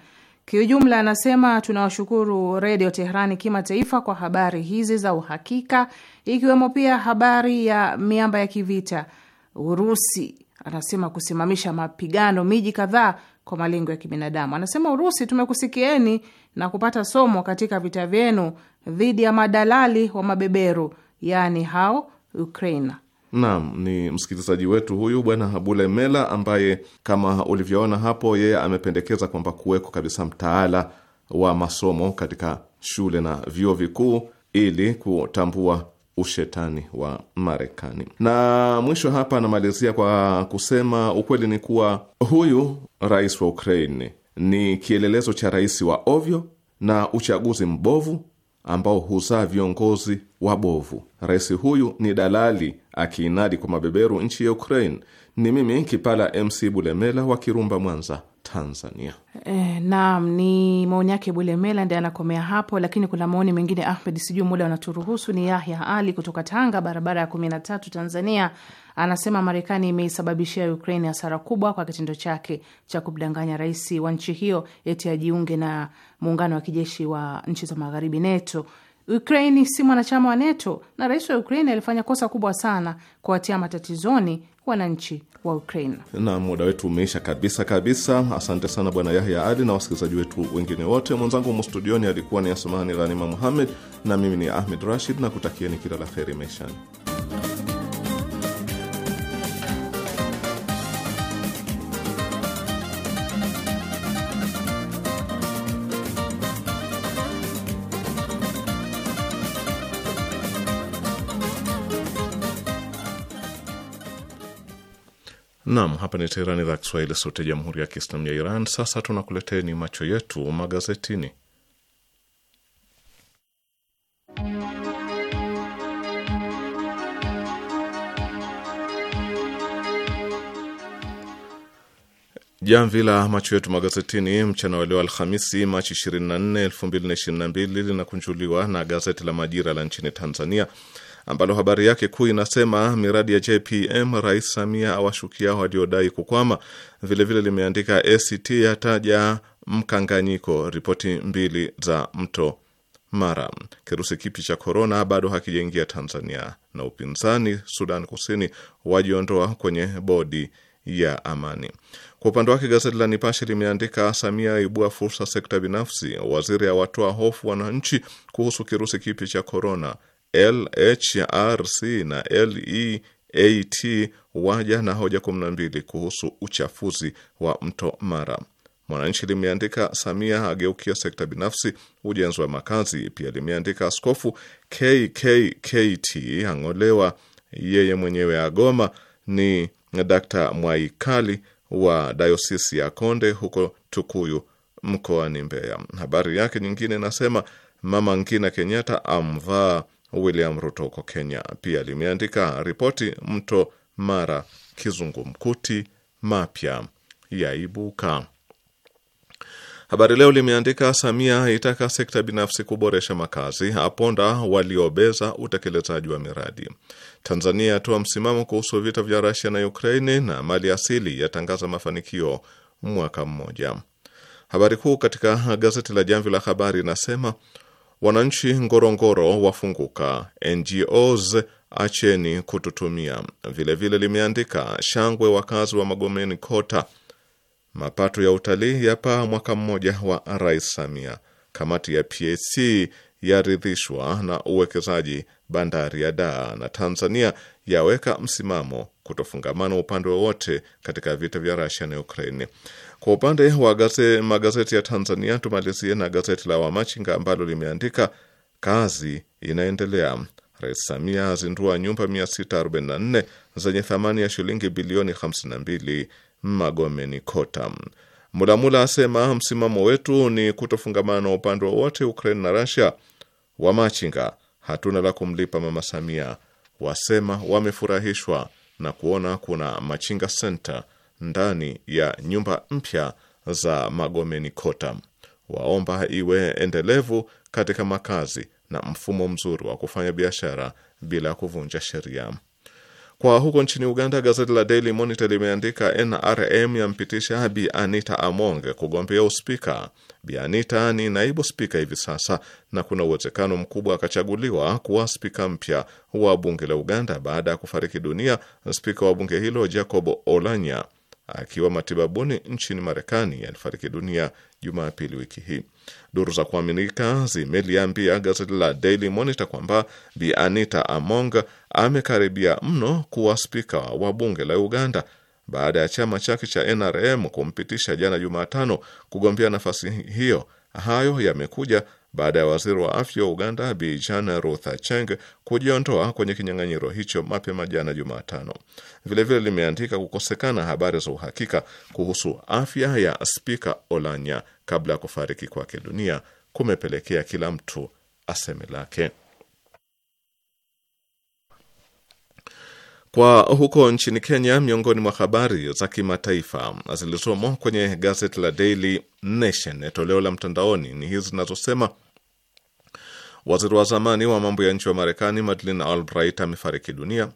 Kiujumla anasema tunawashukuru Redio Teherani Kimataifa kwa habari hizi za uhakika, ikiwemo pia habari ya miamba ya kivita Urusi. Anasema kusimamisha mapigano miji kadhaa kwa malengo ya kibinadamu. Anasema Urusi, tumekusikieni na kupata somo katika vita vyenu dhidi ya madalali wa mabeberu, yaani hao Ukraina. Naam, ni msikilizaji wetu huyu bwana Habule Mela, ambaye kama ulivyoona hapo, yeye amependekeza kwamba kuweko kabisa mtaala wa masomo katika shule na vyuo vikuu ili kutambua ushetani wa Marekani. Na mwisho hapa anamalizia kwa kusema ukweli ni kuwa huyu rais wa Ukraini ni kielelezo cha rais wa ovyo na uchaguzi mbovu ambao huzaa viongozi wabovu. Rais huyu ni dalali akiinadi kwa mabeberu nchi ya Ukraine. Ni mimi Kipala MC Bulemela wa Kirumba, Mwanza, Tanzania. Eh, naam, ni maoni yake Bulemela, ndiye anakomea hapo, lakini kuna maoni mengine Ahmed, sijui muda unaturuhusu. Ni Yahya Ali kutoka Tanga, barabara ya kumi na tatu, Tanzania, anasema Marekani imeisababishia Ukraine hasara kubwa kwa kitendo chake cha kumdanganya rais wa nchi hiyo eti ajiunge na muungano wa kijeshi wa nchi za magharibi NETO. Ukraini si mwanachama wa NATO na rais wa Ukraini alifanya kosa kubwa sana kuwatia matatizoni wananchi wa Ukraine. Na muda wetu umeisha kabisa kabisa. Asante sana Bwana Yahya Ali na wasikilizaji wetu wengine wote. Mwenzangu mustudioni alikuwa ni Asumani Ghanima Muhammed na mimi ni Ahmed Rashid na kutakieni kila la heri maishani. Naam, hapa ni Teherani, idhaa ya Kiswahili, sauti ya jamhuri ya kiislamu ya Iran. Sasa tunakuleteni macho yetu magazetini. Jamvi la macho yetu magazetini mchana wa leo Alhamisi, Machi 24, 2022 linakunjuliwa na gazeti la Majira la nchini Tanzania ambalo habari yake kuu inasema miradi ya JPM Rais Samia awashukia waliodai kukwama. Vilevile limeandika ACT yataja mkanganyiko ripoti mbili za mto Mara. Kirusi kipi cha korona bado hakijaingia Tanzania, na upinzani Sudan Kusini wajiondoa kwenye bodi ya amani. Kwa upande wake gazeti la Nipashe limeandika Samia aibua fursa sekta binafsi, waziri awatoa hofu wananchi kuhusu kirusi kipi cha korona, LHRC na LEAT waja na hoja 12 kuhusu uchafuzi wa mto Mara. Mwananchi limeandika Samia ageukia sekta binafsi ujenzi wa makazi. Pia limeandika askofu KKKT ang'olewa, yeye mwenyewe agoma. Ni Dr. Mwaikali wa dayosisi ya Konde huko Tukuyu mkoani Mbeya. Habari yake nyingine inasema Mama Ngina Kenyatta amvaa William Ruto huko Kenya. Pia limeandika ripoti mto Mara kizungumkuti mapya yaibuka. Habari Leo limeandika Samia aitaka sekta binafsi kuboresha makazi, aponda waliobeza utekelezaji wa miradi. Tanzania yatoa msimamo kuhusu vita vya Rusia na Ukraini, na mali asili yatangaza mafanikio mwaka mmoja. Habari kuu katika gazeti la Jamvi la Habari inasema Wananchi Ngorongoro wafunguka, NGOs acheni kututumia. Vilevile vile limeandika shangwe wakazi wa Magomeni Kota, mapato ya utalii yapaa mwaka mmoja wa Rais Samia, kamati ya PAC yaridhishwa na uwekezaji bandari ya Daa, na Tanzania yaweka msimamo kutofungamana upande wowote katika vita vya Rusia na Ukraini. Kwa upande wa gazeti, magazeti ya Tanzania tumalizie na gazeti la Wamachinga ambalo limeandika kazi inaendelea. Rais Samia azindua nyumba 644 zenye thamani ya shilingi bilioni 52 Magomeni Kota. Mulamula asema msimamo wetu ni kutofungamana na upande wowote Ukraine na Russia. Wamachinga hatuna la kumlipa Mama Samia wasema wamefurahishwa na kuona kuna machinga center ndani ya nyumba mpya za Magomeni Kota. Waomba iwe endelevu katika makazi na mfumo mzuri wa kufanya biashara bila kuvunja sheria. Kwa huko nchini Uganda, gazeti la Daily Monitor limeandika NRM yampitisha Bi Anita Amonge kugombea uspika. Bi Anita ni naibu spika hivi sasa na kuna uwezekano mkubwa akachaguliwa kuwa spika mpya wa bunge la Uganda baada ya kufariki dunia spika wa bunge hilo Jacob Olanya akiwa matibabuni nchini Marekani alifariki dunia Jumapili wiki hii. Duru za kuaminika zimeliambia gazeti la Daily Monitor kwamba Bi Anita Among amekaribia mno kuwa spika wa bunge la Uganda baada ya chama chake cha NRM kumpitisha jana Jumatano kugombea nafasi hiyo. Hayo yamekuja baada ya waziri wa afya wa Uganda Bi Jane Ruth kujiondoa kwenye kinyang'anyiro hicho mapema jana Jumatano. Vilevile limeandika kukosekana habari za uhakika kuhusu afya ya spika Olanya kabla ya kufariki kwake dunia kumepelekea kila mtu aseme lake. Kwa huko nchini Kenya, miongoni mwa habari za kimataifa zilizomo kwenye gazeti la Daily Nation toleo la mtandaoni ni hizi zinazosema waziri wa zamani wa mambo ya nchi wa Marekani Madeleine Albright amefariki dunia.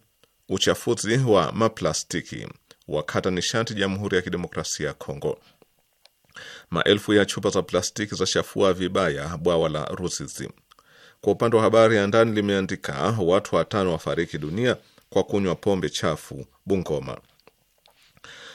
Uchafuzi wa maplastiki wakata nishati Jamhuri ya Kidemokrasia ya Kongo. Maelfu ya chupa za plastiki za shafua vibaya bwawa la Rusizi. Kwa upande wa habari ya ndani limeandika watu watano wafariki dunia kwa kunywa pombe chafu Bungoma.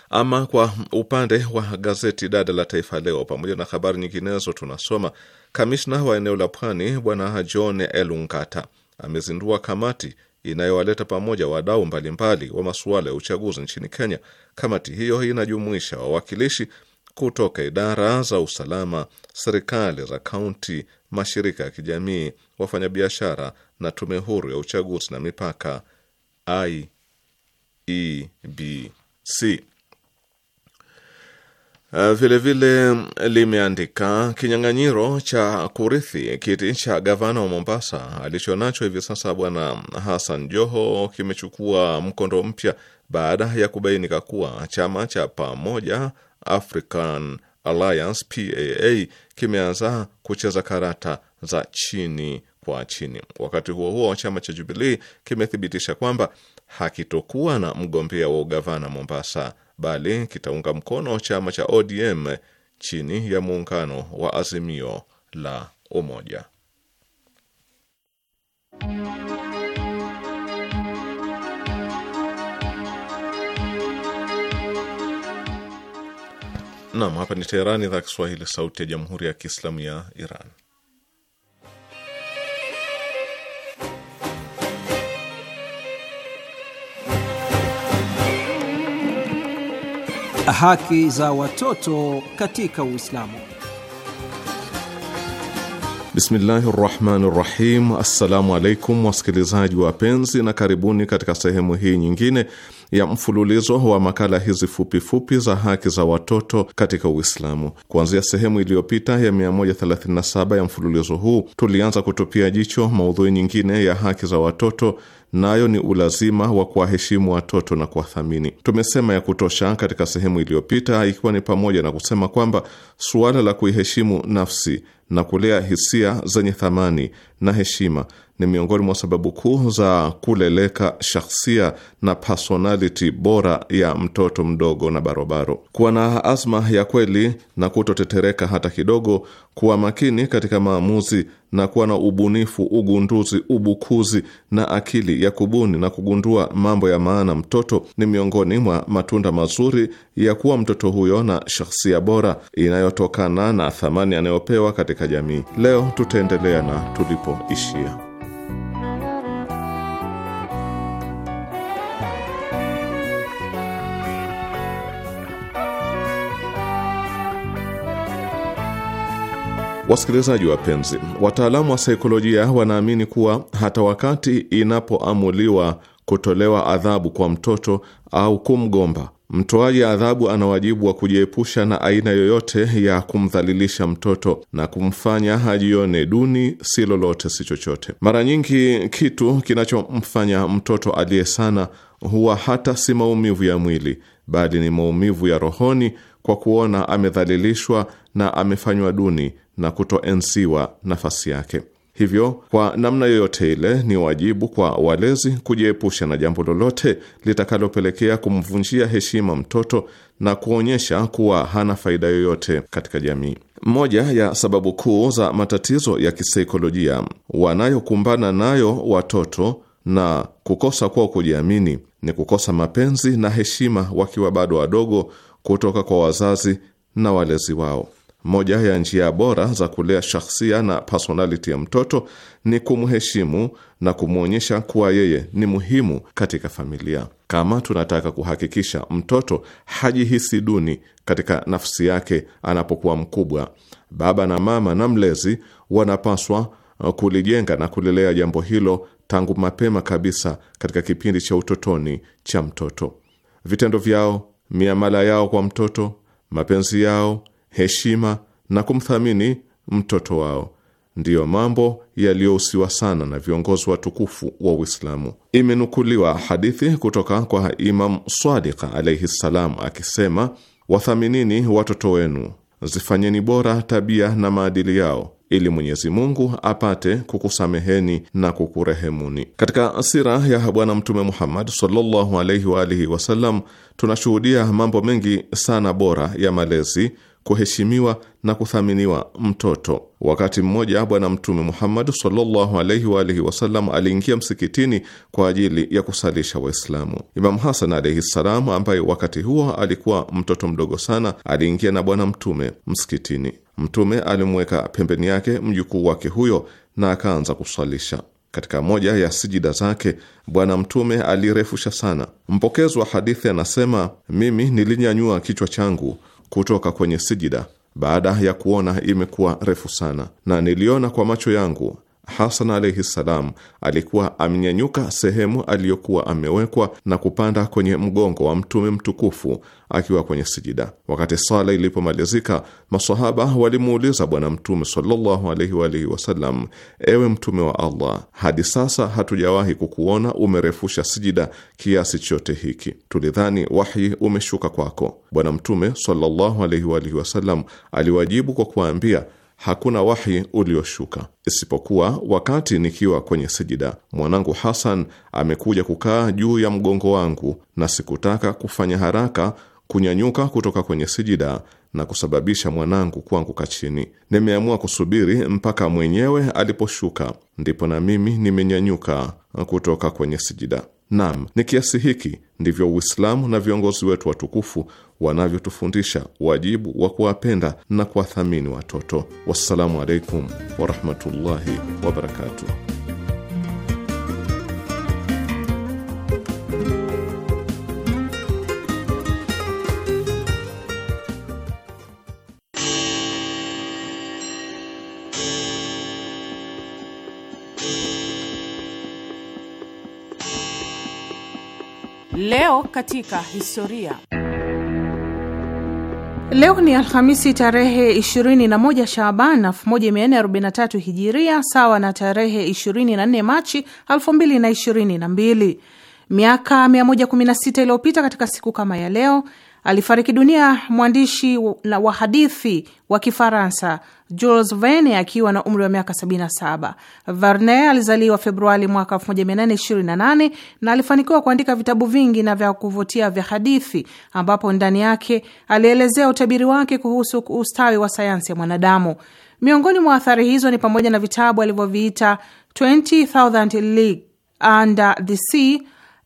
Ama kwa upande wa gazeti dada la Taifa Leo, pamoja na habari nyinginezo, tunasoma kamishna wa eneo la Pwani Bwana John Elungata amezindua kamati inayowaleta pamoja wadau mbalimbali wa masuala ya uchaguzi nchini Kenya. Kamati hiyo inajumuisha wawakilishi kutoka idara za usalama, serikali za kaunti, mashirika ya kijamii, wafanyabiashara na tume huru ya uchaguzi na mipaka IEBC. Ah, Vilevile eh, limeandika kinyang'anyiro cha kurithi kiti cha gavana wa Mombasa alichonacho hivi sasa Bwana Hassan Joho kimechukua mkondo mpya baada ya kubainika kuwa chama cha Pamoja African Alliance PAA kimeanza kucheza karata za chini kwa chini. Wakati huo huo, chama cha Jubilii kimethibitisha kwamba hakitokuwa na mgombea wa ugavana Mombasa, bali kitaunga mkono chama cha ODM chini ya muungano wa Azimio la Umoja. Nam, hapa ni Teherani, idhaa Kiswahili, sauti ya jamhuri ya kiislamu ya Iran. Haki za watoto katika Uislamu. Bismillahi rahmani rahim. Assalamu alaikum wasikilizaji wapenzi, na karibuni katika sehemu hii nyingine ya mfululizo wa makala hizi fupifupi za haki za watoto katika Uislamu. Kuanzia sehemu iliyopita ya 137 ya mfululizo huu, tulianza kutupia jicho maudhui nyingine ya haki za watoto nayo ni ulazima wa kuwaheshimu watoto na kuwathamini. Tumesema ya kutosha katika sehemu iliyopita, ikiwa ni pamoja na kusema kwamba suala la kuiheshimu nafsi na kulea hisia zenye thamani na heshima ni miongoni mwa sababu kuu za kuleleka shakhsia na personality bora ya mtoto mdogo na barobaro. Kuwa na azma ya kweli na kutotetereka hata kidogo, kuwa makini katika maamuzi na kuwa na ubunifu, ugunduzi, ubukuzi na akili ya kubuni na kugundua mambo ya maana mtoto ni miongoni mwa matunda mazuri ya kuwa mtoto huyo na shakhsia bora inayotokana na thamani anayopewa katika jamii. Leo tutaendelea na tulipoishia. Wasikilizaji wapenzi, wataalamu wa saikolojia wanaamini kuwa hata wakati inapoamuliwa kutolewa adhabu kwa mtoto au kumgomba, mtoaji adhabu ana wajibu wa kujiepusha na aina yoyote ya kumdhalilisha mtoto na kumfanya ajione duni, si lolote si chochote. Mara nyingi kitu kinachomfanya mtoto aliye sana huwa hata si maumivu ya mwili, bali ni maumivu ya rohoni, kwa kuona amedhalilishwa na amefanywa duni na kutoenziwa nafasi yake. Hivyo kwa namna yoyote ile, ni wajibu kwa walezi kujiepusha na jambo lolote litakalopelekea kumvunjia heshima mtoto na kuonyesha kuwa hana faida yoyote katika jamii. Moja ya sababu kuu za matatizo ya kisaikolojia wanayokumbana nayo watoto na kukosa kwao kujiamini ni kukosa mapenzi na heshima wakiwa bado wadogo kutoka kwa wazazi na walezi wao. Moja ya njia bora za kulea shakhsia na personality ya mtoto ni kumheshimu na kumwonyesha kuwa yeye ni muhimu katika familia. Kama tunataka kuhakikisha mtoto hajihisi duni katika nafsi yake anapokuwa mkubwa, baba na mama na mlezi wanapaswa uh, kulijenga na kulilea jambo hilo tangu mapema kabisa katika kipindi cha utotoni cha mtoto. Vitendo vyao, miamala yao kwa mtoto, mapenzi yao heshima na kumthamini mtoto wao ndiyo mambo yaliyohusiwa sana na viongozi watukufu wa Uislamu. Imenukuliwa hadithi kutoka kwa Imam Swadika alaihi ssalam akisema, wathaminini watoto wenu, zifanyeni bora tabia na maadili yao ili Mwenyezi Mungu apate kukusameheni na kukurehemuni. Katika sira ya Bwana Mtume Muhammad sallallahu alaihi wa alihi wasallam tunashuhudia mambo mengi sana bora ya malezi kuheshimiwa na kuthaminiwa mtoto. Wakati mmoja, Bwana Mtume Muhammad sallallahu alaihi wa alihi wasallam aliingia msikitini kwa ajili ya kusalisha Waislamu. Imamu Hasan alaihi ssalam, ambaye wakati huo alikuwa mtoto mdogo sana, aliingia na Bwana Mtume msikitini. Mtume alimweka pembeni yake mjukuu wake huyo na akaanza kusalisha. Katika moja ya sijida zake Bwana Mtume alirefusha sana. Mpokezi wa hadithi anasema, mimi nilinyanyua kichwa changu kutoka kwenye sijida baada ya kuona imekuwa refu sana, na niliona kwa macho yangu Hasan alaihi ssalam alikuwa amenyanyuka sehemu aliyokuwa amewekwa na kupanda kwenye mgongo wa mtume mtukufu akiwa kwenye sijida. Wakati sala ilipomalizika, masahaba walimuuliza Bwana Mtume sallallahu alaihi wasallam, ewe Mtume wa Allah, hadi sasa hatujawahi kukuona umerefusha sijida kiasi chote hiki, tulidhani wahyi umeshuka kwako. Bwana Mtume sallallahu alaihi wasallam aliwajibu kwa kuwaambia hakuna wahi ulioshuka isipokuwa wakati nikiwa kwenye sijida, mwanangu Hasan amekuja kukaa juu ya mgongo wangu, na sikutaka kufanya haraka kunyanyuka kutoka kwenye sijida na kusababisha mwanangu kuanguka chini. Nimeamua kusubiri mpaka mwenyewe aliposhuka, ndipo na mimi nimenyanyuka kutoka kwenye sijida. Naam, ni kiasi hiki ndivyo Uislamu na viongozi wetu watukufu wanavyotufundisha wajibu wa kuwapenda na kuwathamini watoto. Wassalamu alaikum warahmatullahi wabarakatuh. Leo katika historia. Leo ni Alhamisi tarehe 21 Shaaban 1443 Hijiria, sawa na tarehe 24 Machi 2022. Miaka 116 iliyopita katika siku kama ya leo alifariki dunia mwandishi wa hadithi wa Kifaransa Jules Verne akiwa na umri wa miaka 77. Verne alizaliwa Februari mwaka 1828 na alifanikiwa kuandika vitabu vingi na vya kuvutia vya hadithi, ambapo ndani yake alielezea utabiri wake kuhusu ustawi wa sayansi ya mwanadamu. Miongoni mwa athari hizo ni pamoja na vitabu alivyoviita 20000 League Under the Sea,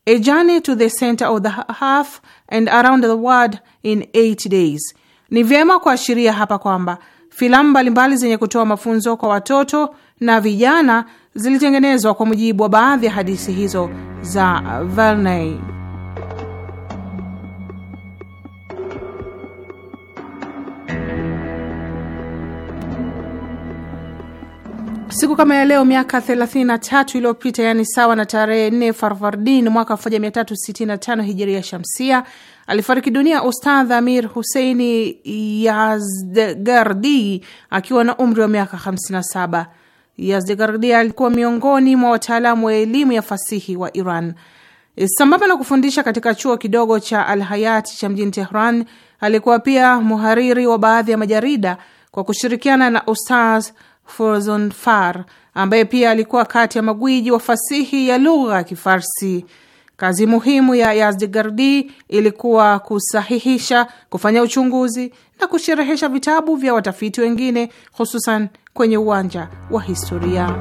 A Journey to the Center of the Earth and Around the World in 8 Days. Ni vyema kuashiria hapa kwamba Filamu mbalimbali zenye kutoa mafunzo kwa watoto na vijana zilitengenezwa kwa mujibu wa baadhi ya hadithi hizo za Verney. Siku kama ya leo miaka 33 iliyopita, yaani sawa na tarehe 4 Farvardin mwaka 1365 hijiria shamsia, alifariki dunia Ustadh Amir Huseini Yazdegardi akiwa na umri wa miaka 57. Yazdegardi alikuwa miongoni mwa wataalamu wa elimu ya fasihi wa Iran. E, sambamba na kufundisha katika chuo kidogo cha Al Hayati cha mjini Tehran, alikuwa pia muhariri wa baadhi ya majarida kwa kushirikiana na Ustaz Fozonfar ambaye pia alikuwa kati ya magwiji wa fasihi ya lugha ya Kifarsi. Kazi muhimu ya Yazdigardi ilikuwa kusahihisha, kufanya uchunguzi na kusherehesha vitabu vya watafiti wengine, hususan kwenye uwanja wa historia.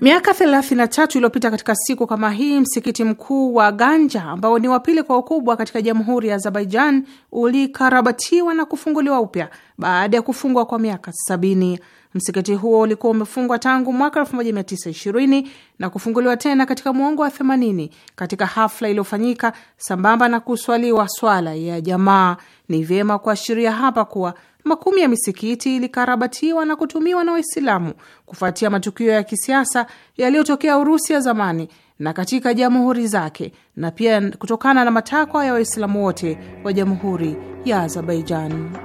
Miaka 33 iliyopita katika siku kama hii, msikiti mkuu wa Ganja ambao ni wa pili kwa ukubwa katika jamhuri ya Azerbaijan ulikarabatiwa na kufunguliwa upya baada ya kufungwa kwa miaka sabini. Msikiti huo ulikuwa umefungwa tangu mwaka 1920 na kufunguliwa tena katika mwongo wa 80 katika hafla iliyofanyika sambamba na kuswaliwa swala ya jamaa. Ni vyema kuashiria hapa kuwa Makumi ya misikiti ilikarabatiwa na kutumiwa na Waislamu kufuatia matukio ya kisiasa yaliyotokea Urusi ya zamani na katika jamhuri zake na pia kutokana na matakwa ya Waislamu wote wa jamhuri ya Azerbaijan.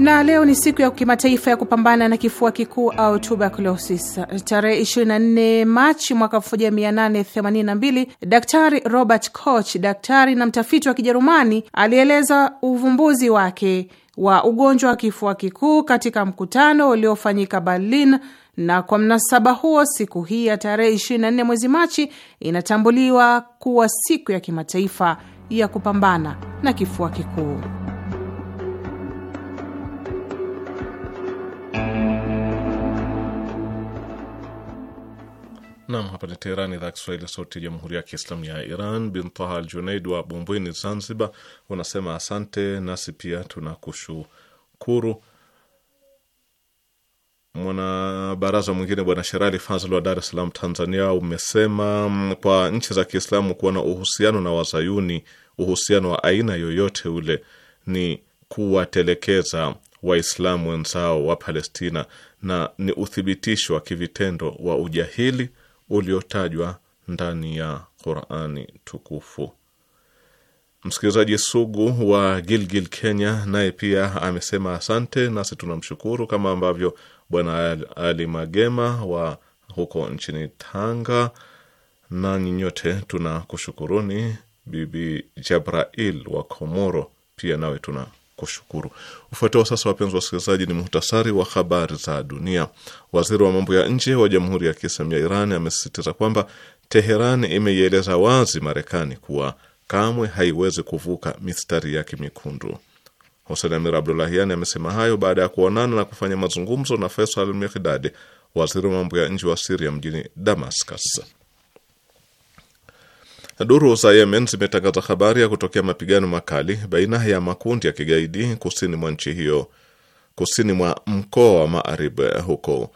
Na leo ni siku ya kimataifa ya kupambana na kifua kikuu au tuberculosis. Tarehe 24 Machi mwaka 1882, Daktari Robert Koch, daktari na mtafiti wa Kijerumani, alieleza uvumbuzi wake wa ugonjwa wa kifua kikuu katika mkutano uliofanyika Berlin, na kwa mnasaba huo siku hii ya tarehe 24 mwezi Machi inatambuliwa kuwa siku ya kimataifa ya kupambana na kifua kikuu. Nam, hapa ni Teherani, idhaa Kiswahili, sauti ya jamhuri ya kiislamu ya Iran. Bintaha al Junaid wa Bumbwini, Zanzibar, unasema asante, nasi pia tunakushukuru. Mwanabaraza mwingine bwana Sherali Fazl wa Dar es Salaam, Tanzania, umesema mm, kwa nchi za Kiislamu kuwa na uhusiano na Wazayuni, uhusiano wa aina yoyote ule, ni kuwatelekeza Waislamu wenzao wa Palestina na ni uthibitisho wa kivitendo wa ujahili uliotajwa ndani ya Qurani tukufu. Msikilizaji sugu wa Gilgil, Kenya, naye pia amesema asante, nasi tunamshukuru kama ambavyo Bwana Ali Magema wa huko nchini Tanga, na nyinyote tuna kushukuruni Bibi Jabrail wa Komoro pia nawe tuna kushukuru. Ufuatao sasa, wapenzi wasikilizaji, ni muhtasari wa habari za dunia. Waziri wa mambo ya nje wa Jamhuri ya Kiislamu ya Iran amesisitiza kwamba Teheran imeieleza wazi Marekani kuwa kamwe haiwezi kuvuka mistari yake mekundu. hosen Amir Abdollahian amesema hayo baada ya kuonana na kufanya mazungumzo na Faisal Mikdad, waziri wa mambo ya nje wa Siria mjini Damascus. Duru za Yemen zimetangaza habari ya kutokea mapigano makali baina ya makundi ya kigaidi kusini mwa nchi hiyo, kusini mwa mkoa wa Maarib huko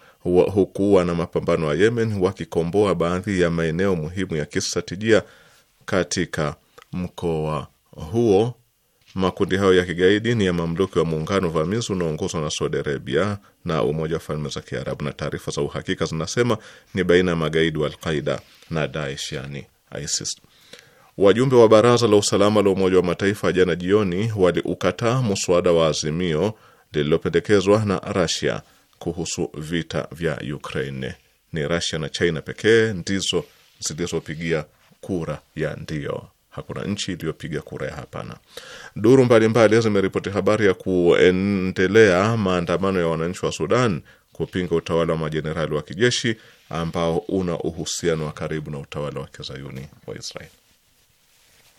huku wana mapambano wa Yemen wakikomboa baadhi ya maeneo muhimu ya kistratejia katika mkoa huo. Makundi hayo ya kigaidi ni ya mamluki wa muungano vamizi unaoongozwa na Saudi Arabia na Umoja wa Falme za Kiarabu, na taarifa za uhakika zinasema ni baina ya magaidi wa Alqaida na Daesh, yani ISIS. Wajumbe wa Baraza la Usalama la Umoja wa Mataifa jana jioni waliukataa muswada wa azimio lililopendekezwa na rasia kuhusu vita vya Ukraine. Ni Rasia na China pekee ndizo zilizopigia kura ya ndio. Hakuna nchi iliyopiga kura ya hapana. Duru mbalimbali zimeripoti habari ya kuendelea maandamano ya wananchi wa Sudan kupinga utawala wa majenerali wa kijeshi ambao una uhusiano wa karibu na utawala wa kizayuni wa Israeli.